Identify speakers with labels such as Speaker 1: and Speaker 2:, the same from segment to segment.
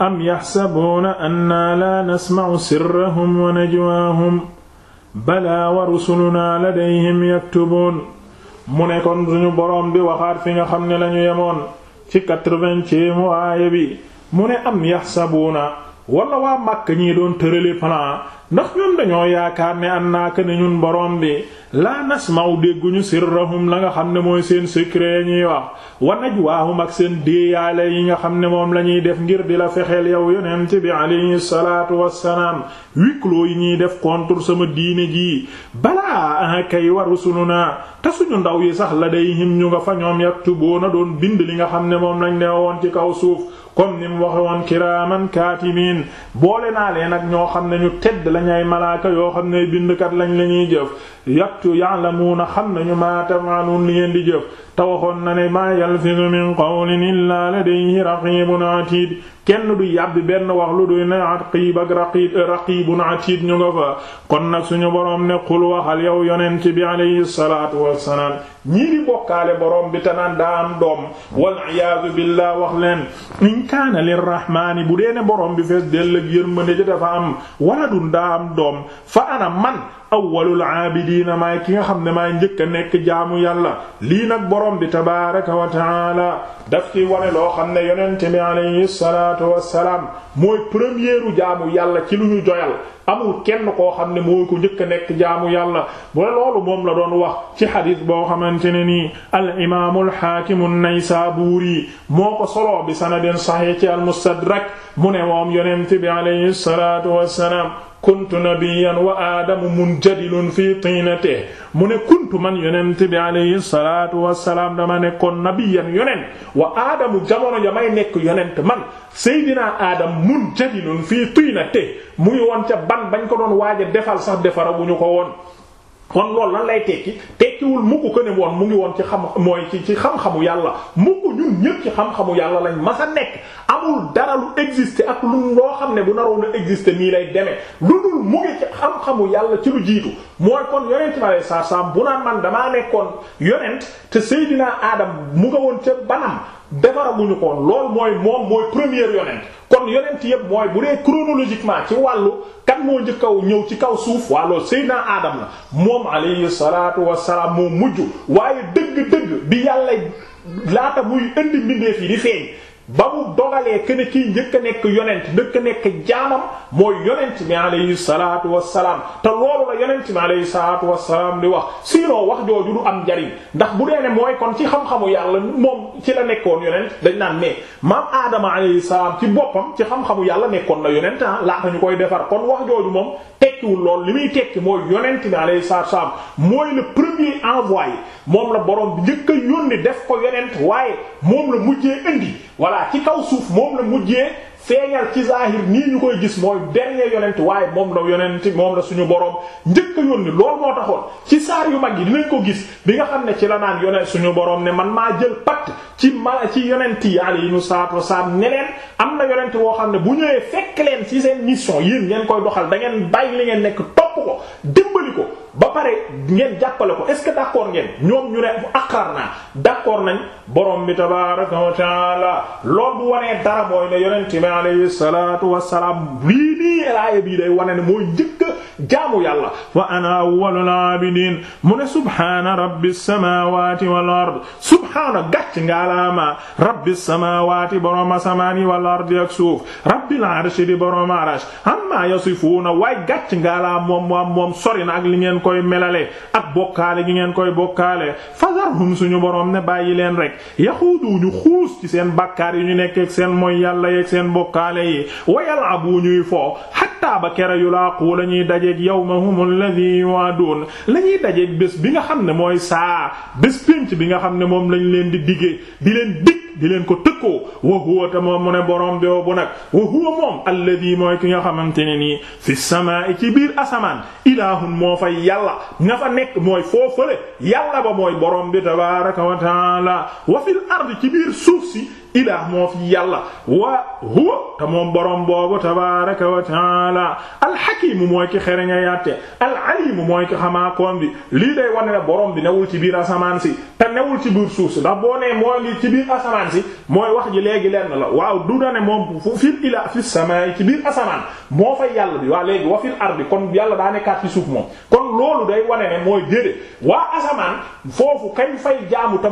Speaker 1: am yaxsabuuna annaa laa nasma'u sirrahum wa najwaahum balaa wa rusulunaa ladayhim yaktubuun mu ne kon suñu boroom bi waxaat fi nga xam ne lañu yemoon ci quatre-vingtième aaya bi mu ne am yaxsabuuna walla waa Màkka ñi doon tërali plan ndax ñun dañoo yaakaar ne an naaka ne ñun borom bi laa nasmaw dégguñu sirrahum la nga xam ne mooy seen secret ñuy wax wa waa najwaahum ak seen déeyaale yi nga xam ne moom la ñuy def ngir di la fexeel yow yonent bi alayhi salaatu wassalaam wikloo yi ñuy def contre sama diine jii balaa a kay wa rusuluna te suñu ndaw yi sax la day him ñu nga fa ñoom yaktubuuna doon bind li nga xam ne moom lañu ne woon ci kaw suuf comme ni mu waxe woon kiraaman kaatibiin boole lañ ay malaaka yoo xam ne bindkat lañ la ñuy jëf yaktu ya'lamuuna xam nañu maa taf'aluun li ngeen di jëf te waxoon na ne maa yalfizu min qawlin illaa ladayhi raqiibun atiid kenn du yàbbi benn wax lu duy ne aqiib ak raqiib raqiibun atiid ñu nga fa kon nag suñu boroom ne qul waxal yow yonent bi alayhi salaatu wassalaam ñii di bokkaale boroom bi te naan daa am doom wal iyaadu billaah wax leen in kaana lirrahmaani bu dee ne boroom bi fees dell ak yërmande ji dafa am waladun daa am doom fa ana man awwalul aabid lii na maay ki nga xam ne maay njëkk a nekk jaamu yàlla lii nag borom bi tabaaraka wa taala daf ci wane loo xam ne yonent bi alayhi salaatu wassalaam mooy premieru jaamu yàlla ci lu ñu joyal amul kenn koo xam ne moo ko njëkk a nekk jaamu yàlla bu loolu moom la doon wax ci xadis bo xamante ne nii al imaamu alxaakimu naysaabuuri moo ko soloo bi sanadin saxiix ci almustadrak mu ne moom yonent bi alayhi salaatu wassalaam kuntu nabiyan wa aadamu munjadilun fi tiinatihi mu ne kuntu man yonent bi alayhi salaatu wassalaam dama nekkoon nabiyan yonent wa aadamu jamono ja may nekk yonent man seydinaa aadam munjadilun fii tiinatihi mu ngi woon ca ban bañ ko doon waaj defal sax defara bu ñu ko woon kon loolu lan lay tekki tekkiwul mukk ko ne woon mu ngi woon ci xam mooy ci ci xam-xamu yàlla mukk ñun ñëpp ci xam-xamu yàlla lañ mas a nekk amul dara lu exister ak lu loo xam ne bu naroon a exister nii lay demee lu dul mu ngi ci xam-xamu yàlla ci lu jiitu mooy kon yonent ma lay saa bu naan man damaa nekkoon yonent te Seydina Adam mu nga woon ca banam defaraguñu ko woon loolu mooy moom mooy premier yonent kon yonent yëpp mooy bu dee chronologiquement ci wàllu kan moo njëkkaw ñëw ci kaw suuf waa loolu Seydina Adam la moom alayhi salaatu wassalaam moo mujj waaye dëgg-dëgg bi yàlla laata muy indi mbindeef yi di feeñ ba mu dogalee kën ne kii njëkk a nekk yonent njëkk a nekk jaamam mooy yonent bi alayhi salaatu salaam te loolu la yonent bi alayhi salaatu wassalaam di wax sinon wax jooju du am njariñ ndax bu dee ne mooy kon ci xam-xamu yàlla moom ci la nekkoon yonent dañ naan mais maam aadama alayhi salaam ci boppam ci xam-xamu yàlla nekkoon na yonent laa ah, laata ñu koy defar kon wax jooju moom tekkiwul lool li muy tekki mooy yonent bi alayhi salaatu wa salaam mooy le premier envoyé moom la borom bi njëkk yoon yónni def ko yonent waaye moom la mujjee indi voilà ci kaw suuf moom la mujjee. feeñal ci zahir nii ñu koy gis mooy benn yonent waaye moom la yonent moom la suñu boroom njëkk a yónni loolu moo taxoon ci saar yu mag yi dinañ ko gis bi nga xam ne ci la naan yonent suñu boroom ne man maa jël pacte ci mala ci yonent yi alayhimu salaatu wasalaam ne leen am na yonent woo xam ne bu ñëwee fekk leen ci seen mission yéen ngeen koy doxal da ngeen bàyyi li ngeen nekk topp ko dimbali ko ba pare ngeen jàppale ko est-ce que d'accord ngeen ñoom ñu ne aqar naa d'accord nañ borom bi tabaaraka wa taala lool bu wanee dara mooy ne yonent bi alayhi salaatu wa bii day wane ne mooy njëkk jaamu yàlla wa ana awwalul abidin mu ne subhaana rabbis samawati wal ard subhaana gàcc ngaalaama rabbis samawati borom asamaan yi wal ard ak suuf rabbil arshi di borom arsh amma yasifuuna waay gàcc ngaalaam moom moom moom sori ak li ngeen koy melale ak bokkaale gi ngeen koy bokkaale fazarhum suñu borom ne bàyyi leen rek yaxuudu ñu xuus ci seen bakkaar yi ñu nekk ak seen mooy yàlla yeeg seen bokkaale yi wayal abu ñuy fo xattaa ba kera yulaaqu la ñuy dajeeg yawmahum alladhi yu'adun la ñuy dajeeg bés bi nga xam ne mooy saa bés pénc bi nga xam ne moom lañu leen di diggee di leen dig di leen ko tëkkoo wa huwa te moom mu ne borom boobu nag wa huwa moom alladhi mooy ki nga xamante ne nii fi samaa'i ci biir asamaan ilaahun moo fay yàlla nga fa nekk mooy foofale yàlla ba mooy boroom bi tabaaraka wa taala wa fil ardi ci biir suuf si ilaah moo fi yàlla wa huwa ta moom borom boobu tabaaraka wa taala alxakiimu mooy ki xereñ a yàtte alalimu mooy ki xamaa koom bi lii day wane la borom bi newul ci biir asamaan si te newul ci suuf si ndax boo nee mooy li ci biir asamaan si mooy wax ji léegi lenn la waaw du na ne moom fu fil ilah fi samaa'i ci biir asamaan moo fay yàlla bi waa léegi wa fil ardi kon yàlla daa nekkaat ci suuf moom kon loolu day wane ne mooy déedéet waa asamaan foofu kañ fay jaamu te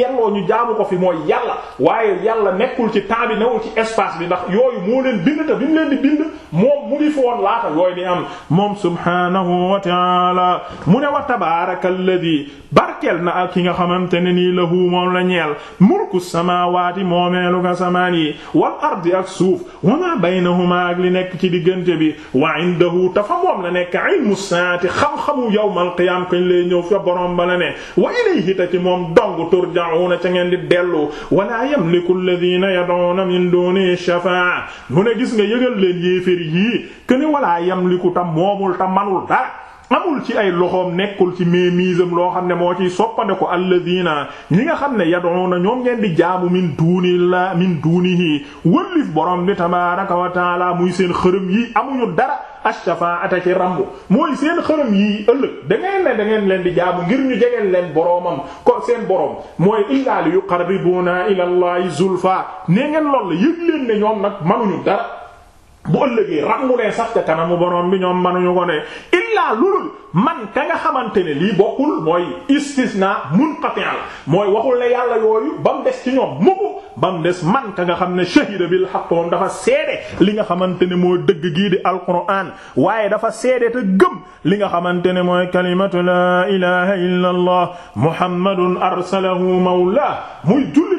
Speaker 1: yelloo ñu jaamu ko fi mooy yàlla waaye yàlla nekkul ci temps bi newul ci espace bi ndax yooyu moo leen bind te bi mu leen di bind moom mu ngi fi woon laata yooyu di am moom subhanahu wa taala mu ne wa tabaraka alladi barkeel na ak ki nga xamante ne nii lahu moom la ñeel mulku samawati moomeelu ka samaan yi wal ardi ak suuf wa ma baynahuma ak li nekk ci diggante bi wa indahu tafa moom la nekk ilmu saati xam-xamu yawmal qiyaam kañ lay ñëw fa borom ba la ne wa ilayhi ta ci moom dong tur turja'una ca ngeen di dellu wala yamliku alladhina yad'una min dunihi shafa'a mu ne gis nga yëgal leen yéefér yii kene wala yamliku tam moomul tam manul dara amul ci ay loxoom nekkul ci mémisam loo xam ne moo ci soppande ko alladina ñi nga xam ne yad'una ñoom ngeen di jaamu min duuni la min duunihi wëllif borom bi tabaraka wa taala muy seen xërëm yi amuñu dara ash-shafaata ci rambu mooy seen xërëm yii ëllëg da ngeen ne leen di jaamu ngir ñu jegeel leen boroomam ko seen boroom mooy illaa li yuqarribuna ila allahi zulfa nee ngeen lool yëg leen ne ñoom nag manuñu dara bu ëllëgee rambu lee sax ca kanamu boroom bi ñoom manuñu ko ne illaa lulul man ka nga xamante ne lii bokkul mooy istisna munqati la mooy waxul ne yàlla yooyu ba des ci ñoom mukk ba des man ka nga xam ne shahida bil haqq moom dafa seede li nga xamante ne moo dëgg gii di alquran waaye dafa seede te gëm li nga xamante ne mooy kalimatu laa ilaha illa allah muhammadun arsalahu mawla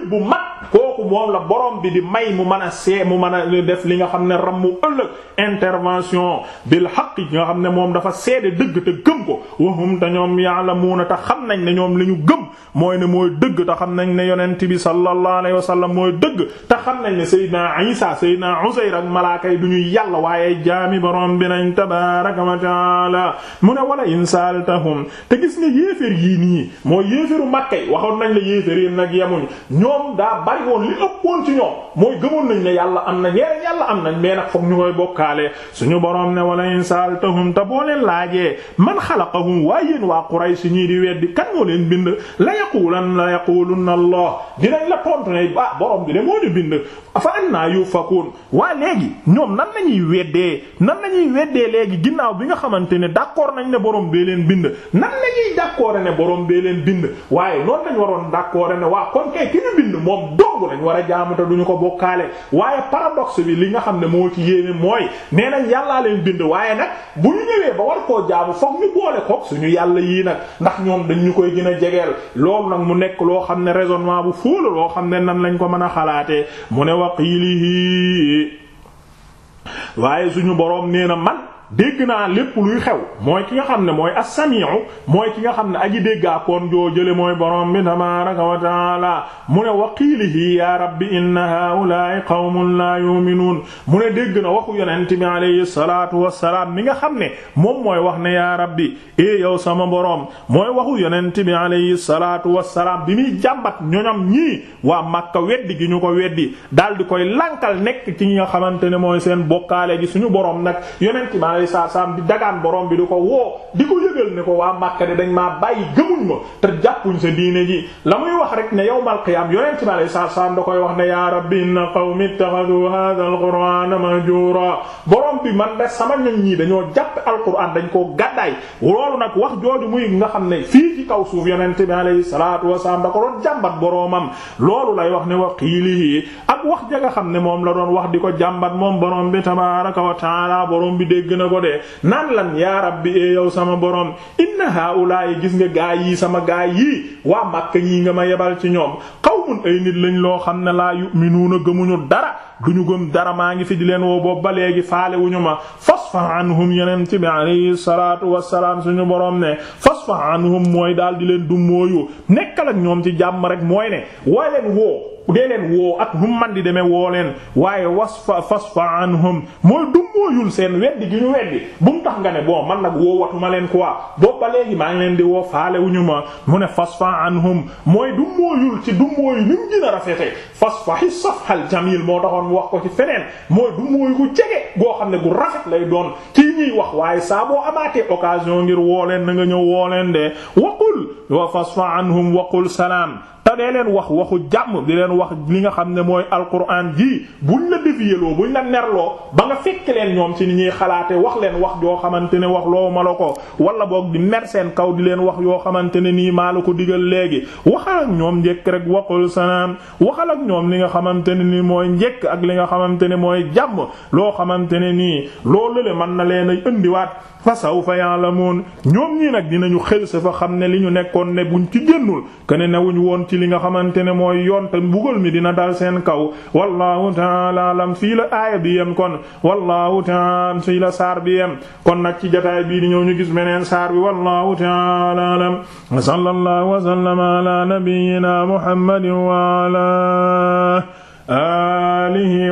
Speaker 1: bu mat kooku moom la borom bi di may mu mën a see mu mën a def li nga xam ne ram mu ëllëg intervention bil haqq yi nga xam ne moom dafa seede dëgg te gëm ko wahum te ñoom ya'lamuuna te xam nañ ne ñoom li ñu gëm mooy ne mooy dëgg te xam nañ ne yonent bi sallallahu alayhi wasallam mooy dëgg te xam nañ ne Seydina Isa Seydina Usayr ak malaaka yi du ñu yàlla waaye jaami borom bi nañ tabaaraka wa ta'aala mu ne wala in saaltahum te gis nga yéeféer yii nii mooy yéeféeru Makka waxoon nañ la yéeféer yi nag yemuñ ñoom daa bari nag woon li ëppoon ci ñoom mooy gëmoon nañ ne yàlla am na ñeneen yàlla am nañ mais nag foog ñu koy bokkaale suñu borom ne wala insaltahum te boo leen laajee man xalaqahum waaye yéen waa Quraysh ñii di weddi kan moo leen bind la yaqulan la yaqulunna Allah dinañ la tontu ne ah borom bi de moo ñu bind fa anna yufakun waa léegi ñoom nan lañuy weddee nan lañuy weddee léegi ginnaaw bi nga xamante ne d'accord nañ ne borom bee leen bind nan lañuy d'accord ne borom bee leen waa dong lañ war a jaamu te duñu ko bokkaale waaye paradoxe bi li nga xam ne moo ci yéeme mooy nee nañ yàllaa leen bind waaye nag bu ñu ñëwee ba war koo jaamu fokk ñu boole koog suñu yàlla yii nag ndax ñoom dañ ñu koy gën a jegeel loolu nag mu nekk loo xam ne raisonnement bu fóolu loo xam ne nan lañ ko mën a xalaatee mu ne waqiilihi waaye suñu boroom nee na man. dégg naa lépp luy xew mooy ki nga xam ne mooy as-sami'u mooy ki nga xam ne aji déggaakoon joo jële mooy borom bi tabaaraka wa taala mu ne wa qiilihi ya rabbi inna haa'ulaa'i qawmun laa yu'minuun mu ne dégg na waxu yonent bi alayhi salaatu wa wassalaam mi nga xam ne moom mooy wax ne ya rabbi e yow sama borom mooy waxu yonent bi alayhi salaatu wa wassalaam bi muy jàmbat ñoñam ñii waa Makka weddi gi ñu ko weddi daal di koy lankal nekk ci nga xamante ne mooy seen bokkaale gi suñu borom nag alayhi salaam di dagaan borom bi di ko woo di ko yëgal ne ko waa Makka de dañ maa bàyyi gëmuñ ma te jàppuñ sa diine ji la muy wax rek ne yawmal qiyaam yonent bi alayhi salaam da koy wax ne yaa rabbi inna qawmi ittakhadhu hadha al-qur'ana mahjura borom bi man de sama ñoñ ñii dañoo jàpp alquran dañ koo gàddaay loolu nag wax jooju muy nga xam ne fii ci kaw suuf yonent bi alayhi salaatu wasalaam da ko doon jàmbat boroomam loolu lay wax ne wa qiilihi ak wax ja nga xam ne moom la doon wax di ko na ko dee naan lan yaa rabbi ee eh, yow sama borom inna haa'ulaa'i gis nga gaa yii sama gaa yi waa Makka ñii nga ma yebal ci ñoom qawmun ay nit lañ loo xam ne laa yu'minuuna gëmuñu dara duñu gëm dara maa ngi fi di leen woo boobu ba léegi faale wuñu ma fasfa anhum yeneen ci bi alayhi salaatu wassalaam suñu borom ne fasfa anhum mooy daal di leen du mooyu nekkal ñoom ci jàmm rek mooy ne woo leen woo dee leen woo ak hum man di demee woo leen waaye wasfa fasfa anhum mooy dummóoyul seen weddi gi ñu weddi bu tax nga ne bon man nag woo watuma leen quoi boobu ba léegi maa ngi leen di woo faale wu ñu ma mu ne fasfa anhum mooy dummóoyul ci dummóoyu ni mu moo taxoon wax ko ci feneen mooy dummóoyu gu jege goo xam ne gu rafet lay doon kii ñuy wax waaye saabo boo amaatee occasion ngir woo leen nanga ñëw woo leen de waqul wa fasfa anhum waqul salaam te dee leen wax waxu jàmm di leen wax li nga xam ne mooy alquran ji buñ la défiyeloo buñ la nerloo ba nga fekk leen ñoom ci ni ñuy xalaate wax leen wax joo xamante ne wax loo malo ko wala boog di mer seen kaw di leen wax yoo xamante ne nii maa la ko digal léegi waxal ak ñoom njëkk rek waqul salaam waxal ak ñoom li nga xamante ne nii mooy njëkk ak li nga xamante ne mooy jàmm loo xamante ne nii loolu le mën na leen ay indiwaat fa sawfa ya'lamun ñoom ñii nag dinañu xel sa fa xam ne li ñu nekkoon ne buñ ci génnul kene newuñ woon ci li nga xamante ne mooy yoon te mi dina dal seen kaw wallahu ta'ala alam fii la aaya bi yem kon wallahu ta'ala fii la saar bi yem kon nag ci jotaay bii di ñëw ñu gis meneen saar bi wallahu ta'ala alam wa sallallahu wa sallama ala wa ala alihi